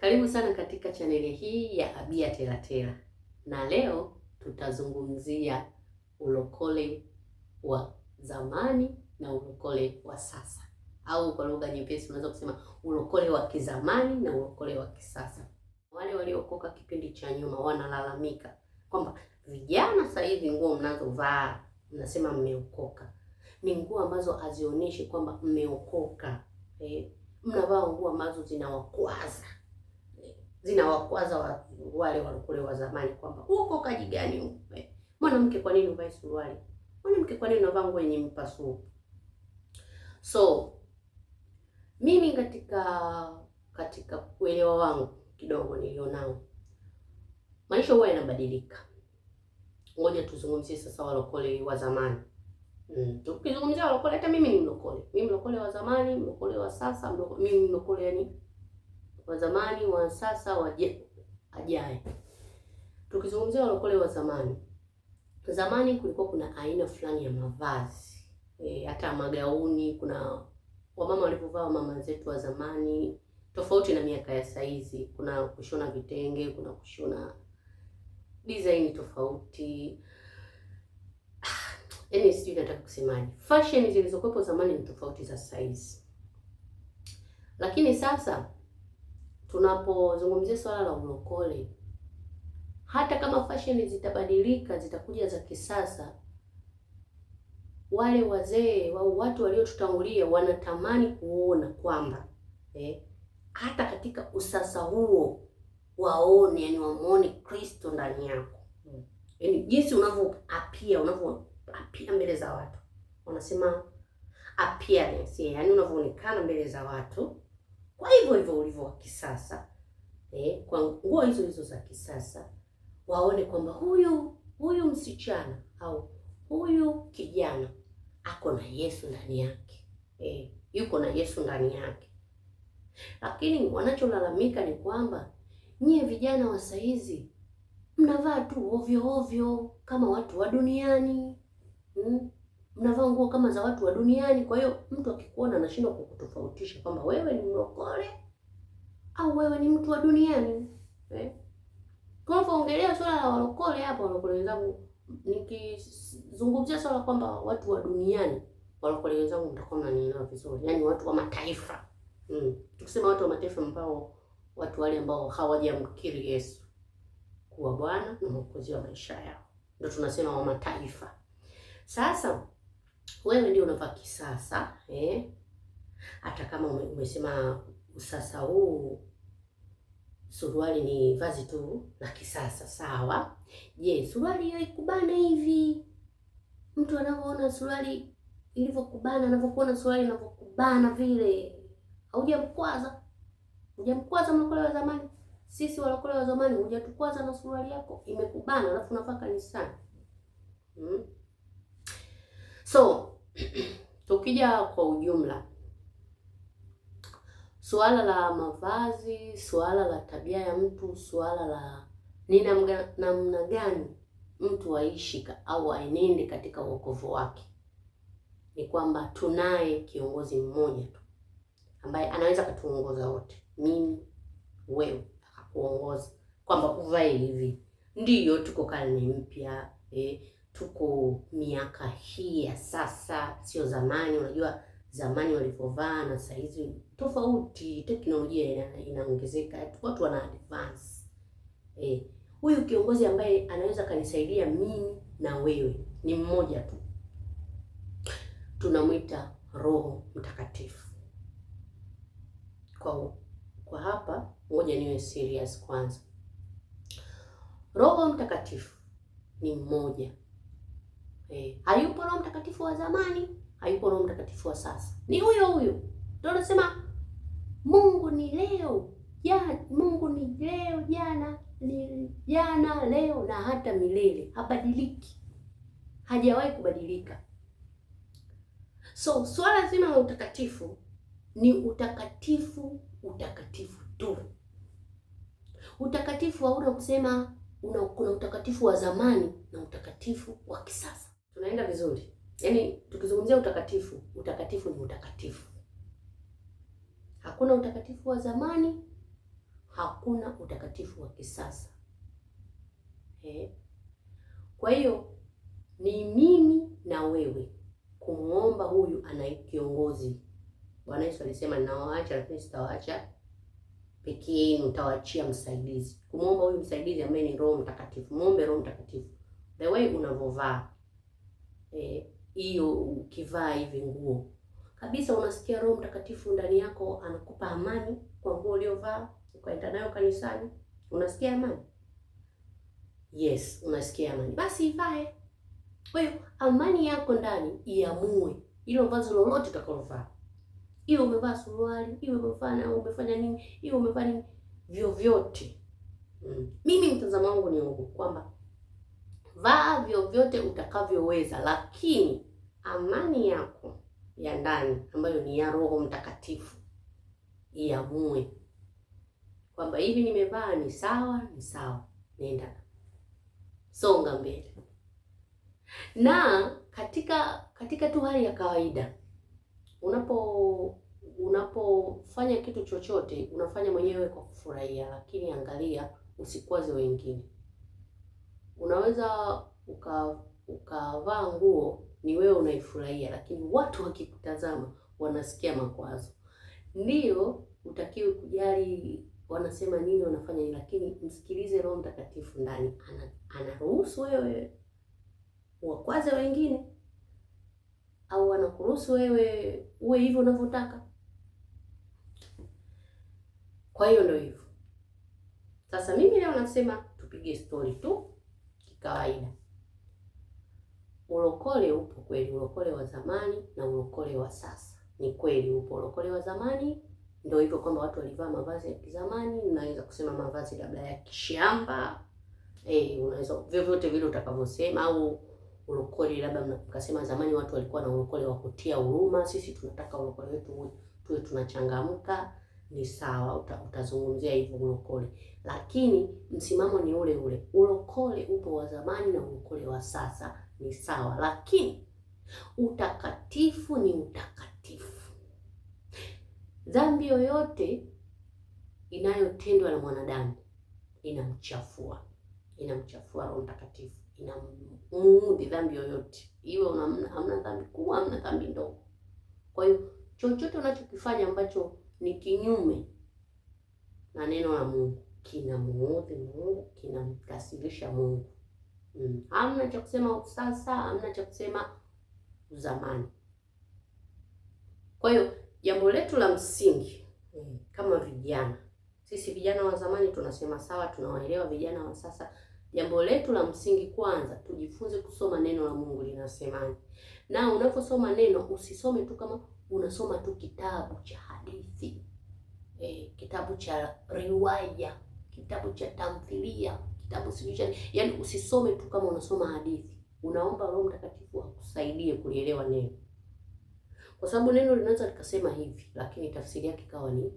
Karibu sana katika chaneli hii ya Abia Telatela, na leo tutazungumzia ulokole wa zamani na ulokole wa sasa, au kwa lugha nyepesi unaweza kusema ulokole wa kizamani na ulokole wa kisasa. Wale waliokoka kipindi cha nyuma wanalalamika kwamba vijana sasa hivi nguo mnazovaa mnasema mmeokoka, ni nguo ambazo hazionyeshi kwamba mmeokoka eh, mnavaa nguo ambazo zinawakwaza zinawakwaza wa, wale walokole wa zamani kwamba uko kaji gani huko? Mwanamke kwa nini uvae suruali? Mwanamke kwa nini unavaa nguo yenye mpasuko? So mimi katika katika kuelewa wangu kidogo nilionao, maisha huwa yanabadilika. Ngoja tuzungumzie sasa walokole wa zamani. Mm, tukizungumzia walokole, hata mimi ni mlokole, mimi mlokole wa zamani, mlokole wa sasa, mlokole, mimi mlokole yani wa zamani, wa sasa, wa ajaye. Tukizungumzia walokole wa zamani, zamani kulikuwa kuna aina fulani ya mavazi e, hata magauni. Kuna wamama walipovaa wamama zetu wa zamani, tofauti na miaka ya saizi. Kuna kushona vitenge, kuna kushona design tofauti Yaani sijui nataka kusemaje, fashion zilizokuwepo zamani ni tofauti za saizi, lakini sasa tunapozungumzia swala la ulokole, hata kama fashion zitabadilika zitakuja za kisasa, wale wazee au watu waliotutangulia wanatamani kuona kwamba eh, hata katika usasa huo waone, yani wamwone Kristo ndani yako, hmm. yani jinsi unavyoapia unavyoapia mbele za watu, wanasema appearance, yani unavyoonekana mbele za watu kwa hivyo hivyo ulivyo wa kisasa eh, kwa nguo hizo hizo za kisasa, waone kwamba huyu huyu msichana au huyu kijana ako na Yesu ndani yake eh, yuko na Yesu ndani yake. Lakini wanacholalamika ni kwamba nyie vijana wa saizi mnavaa tu ovyo ovyo kama watu wa duniani hmm? unavaa nguo kama za watu wa duniani. Kwa hiyo mtu akikuona anashindwa kukutofautisha kwamba wewe ni mlokole au wewe ni mtu wa duniani eh? Ongelea swala la walokole hapo, walokole wenzangu, nikizungumzia swala kwamba watu wa duniani, walokole wenzangu mtakuwa mnanielewa vizuri, yaani watu wa mataifa mm. Tukisema watu wa mataifa ambao watu wale ambao hawajamkiri Yesu kuwa Bwana na Mwokozi wa maisha yao, ndio tunasema wa mataifa sasa wewe ndio unavaa kisasa eh? Hata kama umesema usasa huu suruali ni vazi tu la kisasa sawa. Je, suruali hiyo hivi mtu anavyoona suruali ilivyokubana, anavyokuona suruali inavyokubana vile, haujamkwaza hujamkwaza mlokole wa zamani. Sisi walokole wa zamani hujatukwaza na suruali yako imekubana, alafu unavaa kanisani mm? So tukija kwa ujumla, suala la mavazi, suala la tabia ya mtu, suala la ni namna gani mtu aishi au aenende katika wokovu wake, ni kwamba tunaye kiongozi mmoja tu ambaye anaweza kutuongoza wote, mimi, wewe, akakuongoza kwamba uvae hivi, ndiyo tuko karne mpya eh, tuko miaka hii ya sasa, sio zamani. Unajua zamani walipovaa na sasa hizi tofauti, teknolojia inaongezeka, watu wana advance eh. Huyu kiongozi ambaye anaweza kanisaidia mimi na wewe ni mmoja tu, tunamwita Roho Mtakatifu. Kwa, kwa hapa ngoja niwe serious kwanza. Roho Mtakatifu ni mmoja Eh, hayupo Roho Mtakatifu wa zamani, hayupo Roho Mtakatifu wa sasa, ni huyo huyo. Ndio nasema Mungu ni leo ya, Mungu ni leo jana, ni jana leo na hata milele, habadiliki, hajawahi kubadilika. So swala zima la utakatifu ni utakatifu, utakatifu tu. Utakatifu hauna kusema una, kuna utakatifu wa zamani na utakatifu wa kisasa tunaenda vizuri. Yaani tukizungumzia utakatifu, utakatifu ni utakatifu. Hakuna utakatifu wa zamani, hakuna utakatifu wa kisasa eh. Kwa hiyo ni mimi na wewe kumwomba huyu ana kiongozi. Bwana Yesu alisema ninawaacha, lakini sitawaacha peke yenu, nitawaachia msaidizi. Kumwomba huyu msaidizi ambaye ni Roho Mtakatifu. Muombe Roho Mtakatifu the way unavovaa Eh, hiyo eh, ukivaa hivi nguo kabisa, unasikia Roho Mtakatifu ndani yako anakupa amani kwa nguo uliovaa ukaenda nayo kanisani. Unasikia amani? Yes, unasikia amani, basi ivae. Kwa hiyo amani yako ndani iamue hilo vazi lolote utakalovaa, iwe umevaa suruali, iwe umefanya umefanya nini, iwe umevaa nini, vyovyote mm. Mimi mtazamo wangu ni huo kwamba vaa vyovyote utakavyoweza, lakini amani yako ya ndani ambayo ni ya Roho Mtakatifu iamue kwamba hivi nimevaa ni sawa, ni sawa, nenda songa mbele. Na katika katika tu hali ya kawaida, unapo unapofanya kitu chochote unafanya mwenyewe kwa kufurahia, lakini angalia usikwaze wengine unaweza ukavaa uka nguo ni wewe unaifurahia, lakini watu wakikutazama wanasikia makwazo. Ndiyo utakiwe kujali wanasema nini, wanafanya nini, lakini msikilize Roho Mtakatifu ndani. Anaruhusu ana wewe wakwaze wengine au anakuruhusu wewe uwe hivyo unavyotaka? Kwa hiyo ndio hivyo. Sasa mimi leo nasema tupige stori tu kikawaida. Ulokole upo kweli, ulokole wa zamani na ulokole wa sasa ni kweli upo. Ulokole wa zamani ndio hivyo kwamba watu walivaa mavazi ya kizamani, unaweza kusema mavazi labda ya kishamba eh, unaweza vyovyote vile utakavyosema, au ulokole labda mnakasema zamani watu walikuwa na ulokole wa kutia huruma. Sisi tunataka ulokole wetu tuwe tunachangamka ni sawa, uta, utazungumzia hivyo ulokole, lakini msimamo ni ule ule. Ulokole upo wa zamani na ulokole wa sasa ni sawa, lakini utakatifu ni utakatifu. Dhambi yoyote inayotendwa na mwanadamu inamchafua, inamchafua Roho Mtakatifu, inamuudhi. Dhambi yoyote iwe, hamna dhambi kubwa, hamna dhambi ndogo. Kwa hiyo chochote unachokifanya ambacho ni kinyume na neno la Mungu, kinamuudhi Mungu, kinamkasirisha Mungu. Hmm. Hamna cha kusema usasa, hamna cha kusema uzamani. Kwa hiyo jambo letu la msingi hmm, kama vijana, sisi vijana wa zamani tunasema sawa, tunawaelewa vijana wa sasa. Jambo letu la msingi kwanza, tujifunze kusoma neno la Mungu linasemaje, na unaposoma neno usisome tu kama unasoma tu kitabu cha hadithi eh, kitabu cha riwaya, kitabu cha tamthilia, kitabu sijui cha yani, usisome tu kama unasoma hadithi. Unaomba Roho Mtakatifu akusaidie kulielewa neno, kwa sababu neno linaweza likasema hivi, lakini tafsiri yake ikawa ni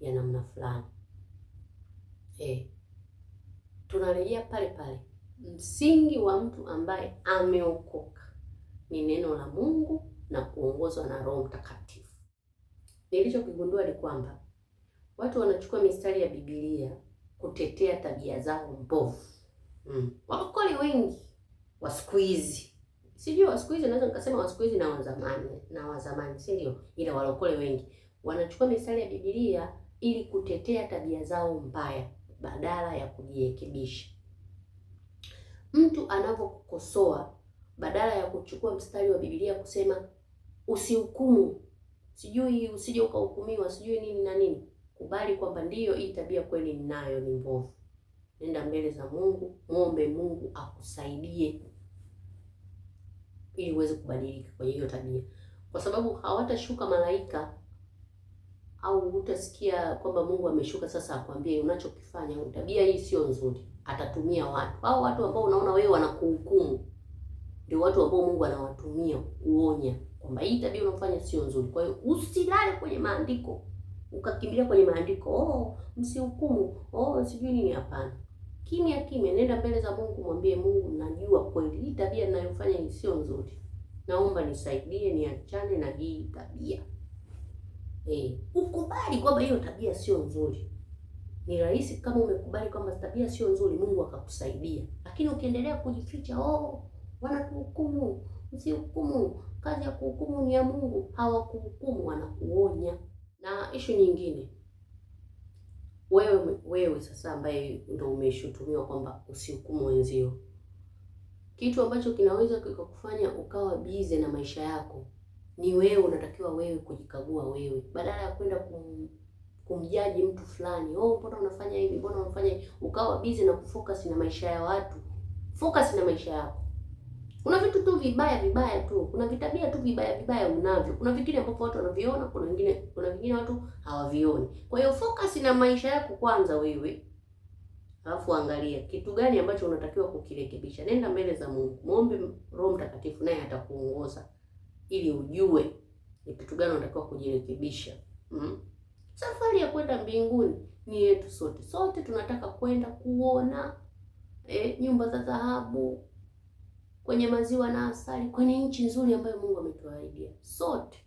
ya namna fulani eh. Tunarejea pale pale, msingi wa mtu ambaye ameokoka ni neno la Mungu na kuongozwa na Roho Mtakatifu. Nilichokigundua ni kwamba watu wanachukua mistari ya Biblia kutetea tabia zao mbovu. Mm. Wakokoli wengi wa siku hizi, sijui wa siku hizi, naweza nikasema wa siku hizi na wazamani na zamani, si ndio? Ila walokole wengi wanachukua mistari ya Biblia ili kutetea tabia zao mbaya badala ya kujirekebisha. Mtu anapokukosoa badala ya kuchukua mstari wa Biblia kusema usihukumu, sijui usije ukahukumiwa, sijui nini na nini. Kubali kwamba ndiyo, hii tabia kweli ninayo, ni mbovu. Nenda mbele za Mungu, muombe Mungu akusaidie ili uweze kubadilika kwenye hiyo tabia, kwa sababu hawatashuka malaika au utasikia kwamba Mungu ameshuka sasa akwambie unachokifanya tabia hii sio nzuri. Atatumia watu au watu ambao unaona wewe wanakuhukumu, ndio watu ambao Mungu anawatumia kuonya kwamba hii tabia unafanya sio nzuri. Kwa hiyo usilale kwenye maandiko ukakimbilia kwenye maandiko, oh, msihukumu, oh, sijui nini. Hapana, kimya kimya, nenda mbele za Mungu, mwambie Mungu, najua kweli hii tabia ninayofanya ni sio nzuri, naomba nisaidie, niachane na hii tabia eh. Ukubali kwamba hiyo tabia sio nzuri. Ni rahisi kama umekubali kwamba tabia sio nzuri, Mungu akakusaidia. Lakini ukiendelea kujificha, oh, wanatuhukumu, msihukumu Kazi ya kuhukumu ni ya Mungu, hawakuhukumu, wanakuonya. Na ishu nyingine, wewe wewe sasa ambaye ndo umeshutumiwa kwamba usihukumu wenzio, kitu ambacho kinaweza kikakufanya ukawa bize na maisha yako ni wewe, unatakiwa wewe kujikagua wewe, badala ya kwenda kum, kumjaji mtu fulani, oh, mbona unafanya hivi, mbona unafanya hivi, ukawa bize na kufocus na maisha ya watu. Focus na maisha yako. Kuna vitu tu vibaya vibaya tu, kuna vitabia tu vibaya vibaya unavyo, kuna vingine ambavyo watu wanaviona, kuna vingine kuna vingine watu hawavioni. Kwa hiyo focus na maisha yako kwanza wewe, alafu angalia kitu gani ambacho unatakiwa kukirekebisha. Nenda mbele za Mungu, muombe Roho Mtakatifu, naye atakuongoza ili ujue ni kitu gani unatakiwa kujirekebisha. Mm. Safari ya kwenda mbinguni ni yetu sote, sote tunataka kwenda kuona eh, nyumba za dhahabu kwenye maziwa na asali, kwenye nchi nzuri ambayo Mungu ametuahidia. Sote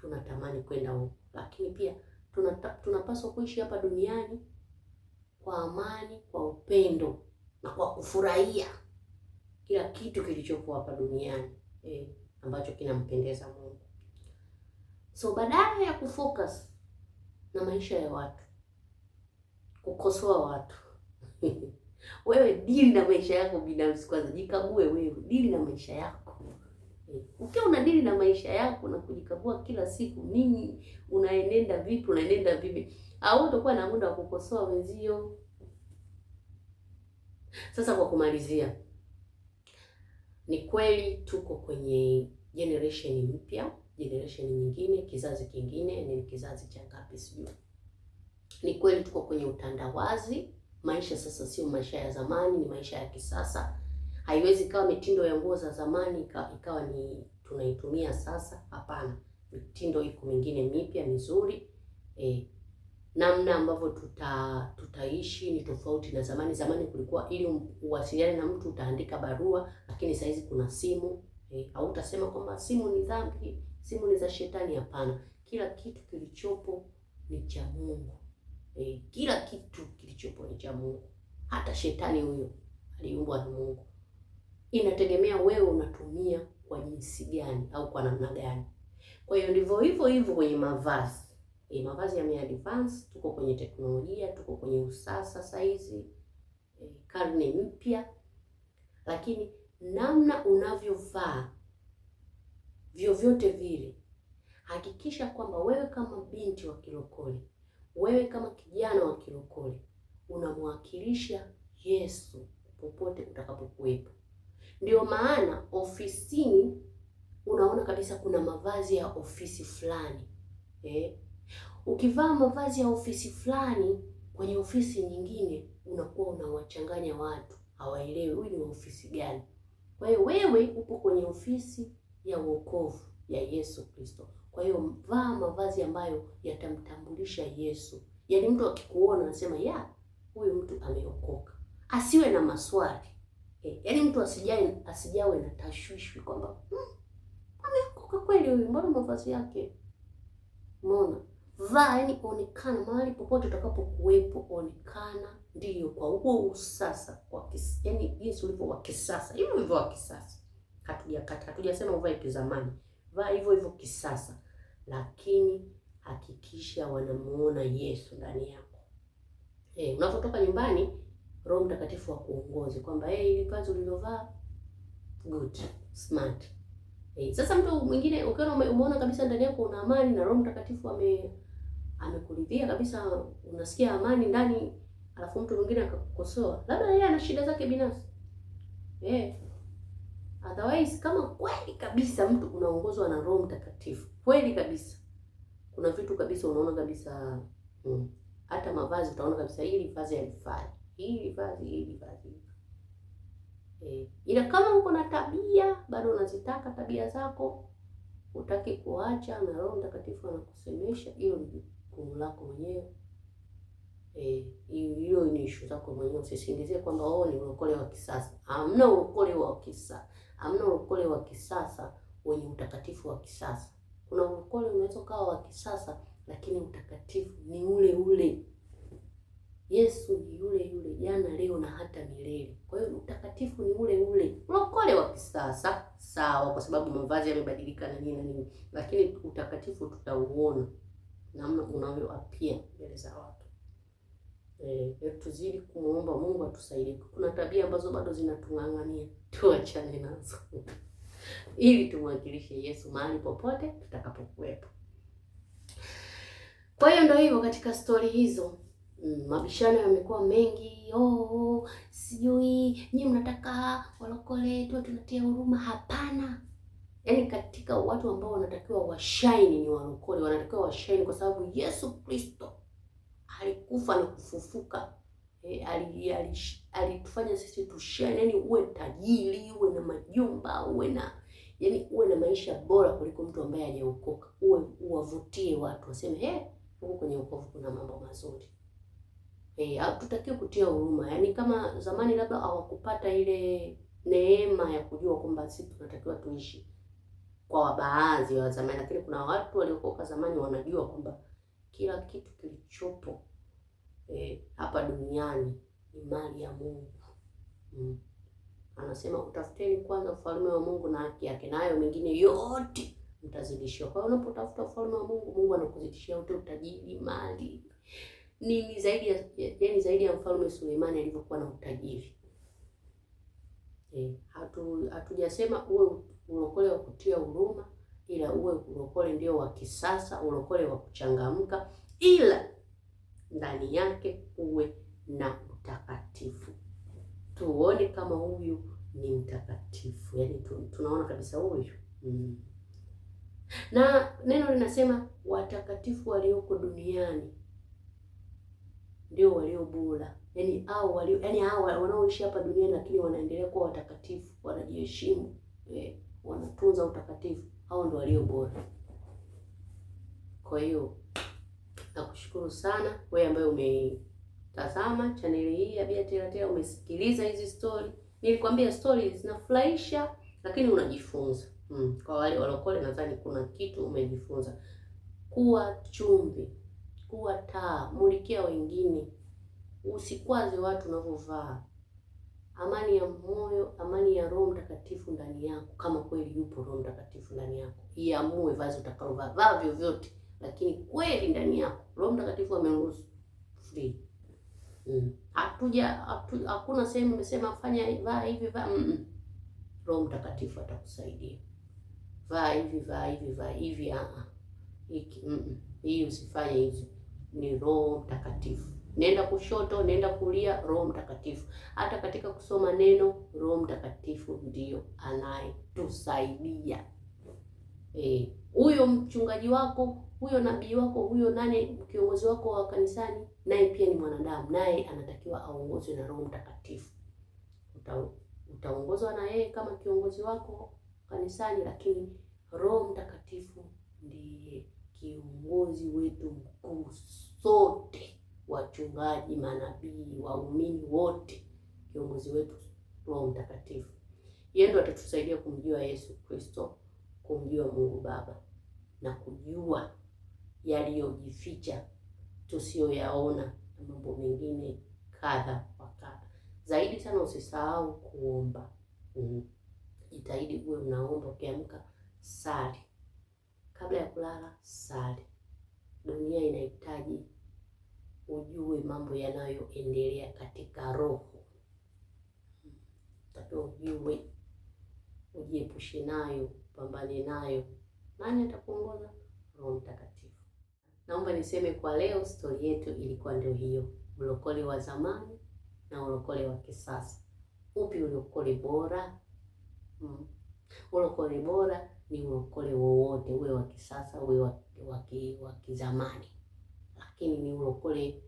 tunatamani kwenda huko, lakini pia tunata, tunapaswa kuishi hapa duniani kwa amani, kwa upendo na kwa kufurahia kila kitu kilichopo hapa duniani eh, ambacho kinampendeza Mungu. So badala ya kufocus na maisha ya watu, kukosoa watu Wewe dili na maisha yako binafsi kwanza, jikague wewe, dili na maisha yako. Eh, ukiwa una dili na maisha yako na kujikagua kila siku, nini unaenenda vipi, unaenenda vipi, au ah, utakuwa na muda wa kukosoa wenzio. Sasa kwa kumalizia, ni kweli tuko kwenye generation mpya, generation nyingine, kizazi kingine, ni kizazi cha ngapi sijui. Ni kweli tuko kwenye utandawazi Maisha sasa sio maisha ya zamani, ni maisha ya kisasa. Haiwezi ikawa mitindo ya nguo za zamani ikawa ni tunaitumia sasa. Hapana, mitindo iko mingine mipya mizuri E, Namna ambavyo tuta tutaishi ni tofauti na zamani. Zamani kulikuwa ili uwasiliane na mtu utaandika barua, lakini saa hizi kuna simu eh. Au utasema kwamba simu ni dhambi, simu ni za shetani? Hapana, kila kitu kilichopo ni cha Mungu. E, kila kitu kilichopo ni cha Mungu. Hata shetani huyo aliumbwa na Mungu. Inategemea wewe unatumia kwa jinsi gani au kwa namna gani. Kwa hiyo ndivyo hivyo hivyo kwenye mavazi. E, mavazi yame advance, tuko kwenye teknolojia, tuko kwenye usasa saizi e, karne mpya, lakini namna unavyovaa vyovyote vile, hakikisha kwamba wewe kama binti wa kilokole wewe kama kijana wa Kilokole unamwakilisha Yesu popote utakapokuwepo. Ndio maana ofisini unaona kabisa kuna mavazi ya ofisi fulani eh? Ukivaa mavazi ya ofisi fulani kwenye ofisi nyingine, unakuwa unawachanganya watu, hawaelewi huyu ni ofisi gani. Kwa hiyo wewe upo kwenye ofisi ya wokovu ya Yesu Kristo. Kwa hiyo vaa mavazi ambayo yatamtambulisha Yesu, yaani mtu akikuona anasema ya huyu mtu ameokoka, asiwe na maswali eh, yaani mtu asijae asijawe na tashwishwi kwamba hmm, ameokoka kweli huyu, mbona mavazi yake. mona vaa yaani onekana mahali popote utakapokuwepo, onekana ndiyo kwa huo usasa kwa kisasa, yaani Yesu ulivyo wa kisasa, hivyo hivyo wa kisasa. Hatujakata hatujasema uvae kizamani, vaa hivyo hivyo kisasa lakini hakikisha wanamuona Yesu ndani yako. E, unapotoka nyumbani Roho Mtakatifu akuongoze kwamba hey, ile kanzu ulilovaa good smart. E, sasa mtu mwingine ukiona umeona kabisa ndani yako una amani na Roho Mtakatifu ame amekuridhia kabisa, unasikia amani ndani, alafu mtu mwingine akakukosoa, labda yeye ana shida zake binafsi eh Otherwise, kama kweli kabisa mtu unaongozwa na Roho Mtakatifu kweli kabisa, kuna vitu kabisa unaona kabisa mm, hata mavazi utaona kabisa hili vazi halifai, hili vazi, hili vazi eh. Ila kama uko na tabia bado unazitaka tabia zako, utaki kuacha na Roho Mtakatifu anakusemesha, hiyo ni jukumu lako mwenyewe e, hiyo hiyo ni ishu zako mwenyewe. Usisingizie kwamba wewe ni ulokole wa kisasa. Hamna ulokole wa kisasa. Hamna uokole wa kisasa wenye utakatifu wa kisasa. Kuna uokole unaweza ukawa wa kisasa, lakini utakatifu ni ule ule. Yesu ni yule yule jana, leo na hata milele. Kwa hiyo utakatifu ni ule ule. Ulokole wa kisasa sawa, kwa sababu mavazi yamebadilika na nini na nini, lakini utakatifu tutauona namna unavyoapia mbele za watu. E, tuzidi kumuomba Mungu atusaidie. Kuna tabia ambazo bado zinatung'ang'ania, tuachane nazo ili tumwakilishe Yesu mahali popote tutakapokuwepo. Kwa hiyo ndio hivyo katika stori hizo. Mm, mabishano yamekuwa mengi. Oh, sijui nyinyi mnataka walokole tu tunatia huruma? Hapana, yaani katika watu ambao wanatakiwa washaini ni walokole, wanatakiwa washaini kwa sababu Yesu Kristo alikufa na kufufuka eh, alitufanya sisi tushare, yani uwe tajiri, uwe na majumba, uwe na yani uwe na maisha bora kuliko mtu ambaye hajaokoka, uwe uwavutie watu waseme hey, huko kwenye ukovu kuna mambo mazuri. Eh, hatutaki kutia huruma, yaani kama zamani labda hawakupata ile neema ya kujua kwamba sisi tunatakiwa tuishi kwa wabaazi wa zamani, lakini kuna watu waliokoka zamani wanajua kwamba kila kitu kilichopo eh, hapa duniani ni mali ya Mungu mm. Anasema utafuteni kwanza ufalme wa Mungu na haki yake, nayo mengine yote mtazidishiwa. Kwa hiyo unapotafuta ufalme wa Mungu, Mungu anakuzidishia ute utajiri, mali ni zaidi ya yaani, zaidi ya mfalme Suleimani alivyokuwa na utajiri eh, hatu hatujasema uwe ulokole wa kutia huruma, ila uwe ulokole ndio wa kisasa, ulokole wa kuchangamka ila ndani yake uwe na utakatifu. Tuone kama huyu ni mtakatifu, yaani tunaona kabisa huyu mm. Na neno linasema watakatifu walioko duniani ndio walio bora, yaani au walio yaani hao wanaoishi hapa duniani, lakini wanaendelea kuwa watakatifu, wanajiheshimu eh, wanatunza utakatifu, hao ndio walio bora. Kwa hiyo nakushukuru sana wewe ambaye umetazama chaneli hii ya Bia Tela umesikiliza hizi story. Nilikwambia story zinafurahisha, lakini unajifunza hmm. Kwa wale walokole, nadhani kuna kitu umejifunza. Kuwa chumvi, kuwa taa, mulikia wengine, usikwaze watu unavyovaa. Amani ya moyo, amani ya Roho Mtakatifu ndani yako, kama kweli yupo Roho Mtakatifu ndani yako. Iamue vazi utakalovaa, vaa vyovyote lakini kweli ndani yako Roho Mtakatifu ameruhusu free. Mm. Hatuja hatu, hakuna sehemu imesema fanya vaa hivi vaa mm -mm. Roho Mtakatifu atakusaidia. Vaa hivi vaa hivi vaa hivi Hiki mm -mm. Hii usifanye hizi. Ni Roho Mtakatifu. Nenda kushoto, nenda kulia, Roho Mtakatifu. Hata katika kusoma neno, Roho Mtakatifu ndiyo anayetusaidia. Eh, huyo mchungaji wako huyo nabii wako, huyo nani kiongozi wako wa kanisani, naye pia ni mwanadamu, naye anatakiwa aongozwe na Roho Mtakatifu. Utaongozwa na yeye kama kiongozi wako kanisani, lakini Roho Mtakatifu ndiye kiongozi wetu mkuu sote, wachungaji, manabii, waumini wote, kiongozi wetu Roho Mtakatifu. Yeye ndo atatusaidia kumjua Yesu Kristo, kumjua Mungu Baba na kujua yaliyojificha tusiyoyaona na mambo mengine kadha wa kadha. Zaidi sana usisahau kuomba. Mm. Jitahidi uwe unaomba. Ukiamka sali, kabla ya kulala sali. Dunia inahitaji ujue mambo yanayoendelea katika roho, takiwa ujue, ujiepushe nayo, pambane nayo. Nani atakuongoza? Roho Mtakatifu. Naomba niseme kwa leo, stori yetu ilikuwa ndio hiyo, ulokole wa zamani na ulokole wa kisasa. Upi ulokole bora? Mm. Ulokole bora ni ulokole wowote, uwe wa kisasa, uwe wa kizamani, lakini ni ulokole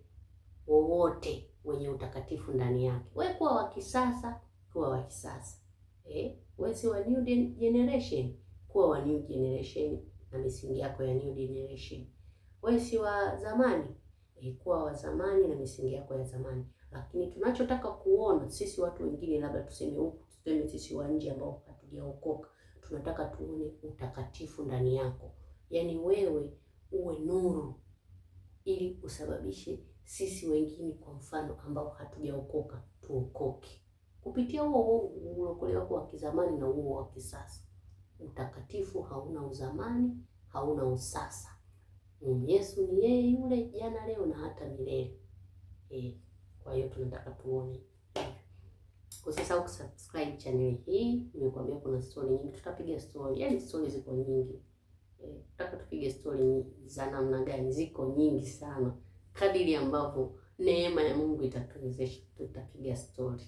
wowote wenye utakatifu ndani yake. Wewe kuwa wa kisasa, kuwa wa kisasa eh? Wewe si wa new generation, kuwa wa new generation na misingi yako ya new generation wewe si wa zamani, ilikuwa wa zamani na misingi yako ya zamani. Lakini tunachotaka kuona sisi watu wengine, labda tuseme huku, tuseme sisi wa nje ambao hatujaokoka, tunataka tuone utakatifu ndani yako, yaani wewe uwe nuru, ili usababishe sisi wengine, kwa mfano, ambao hatujaokoka tuokoke kupitia huo ulokolewa kwa kizamani na huo wa kisasa. Utakatifu hauna uzamani, hauna usasa. Yesu ni yeye yule jana, leo na hata milele Eh, Kwa hiyo tunataka tuone, usisahau kusubscribe channel hii. Nimekuambia kuna story nyingi, tutapiga story, yaani story ziko nyingi Eh, Tutaka tupige story za namna gani? Ziko nyingi sana, kadiri ambavyo neema ya Mungu itatuwezesha, tutapiga story.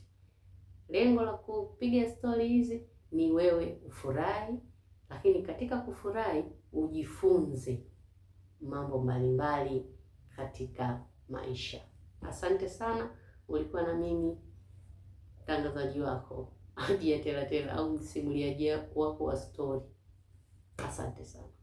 Lengo la kupiga story hizi ni wewe ufurahi, lakini katika kufurahi ujifunze mambo mbalimbali katika maisha. Asante sana, ulikuwa na mimi mtangazaji wako Tela Tela, au msimuliaji wako wa stori. Asante sana.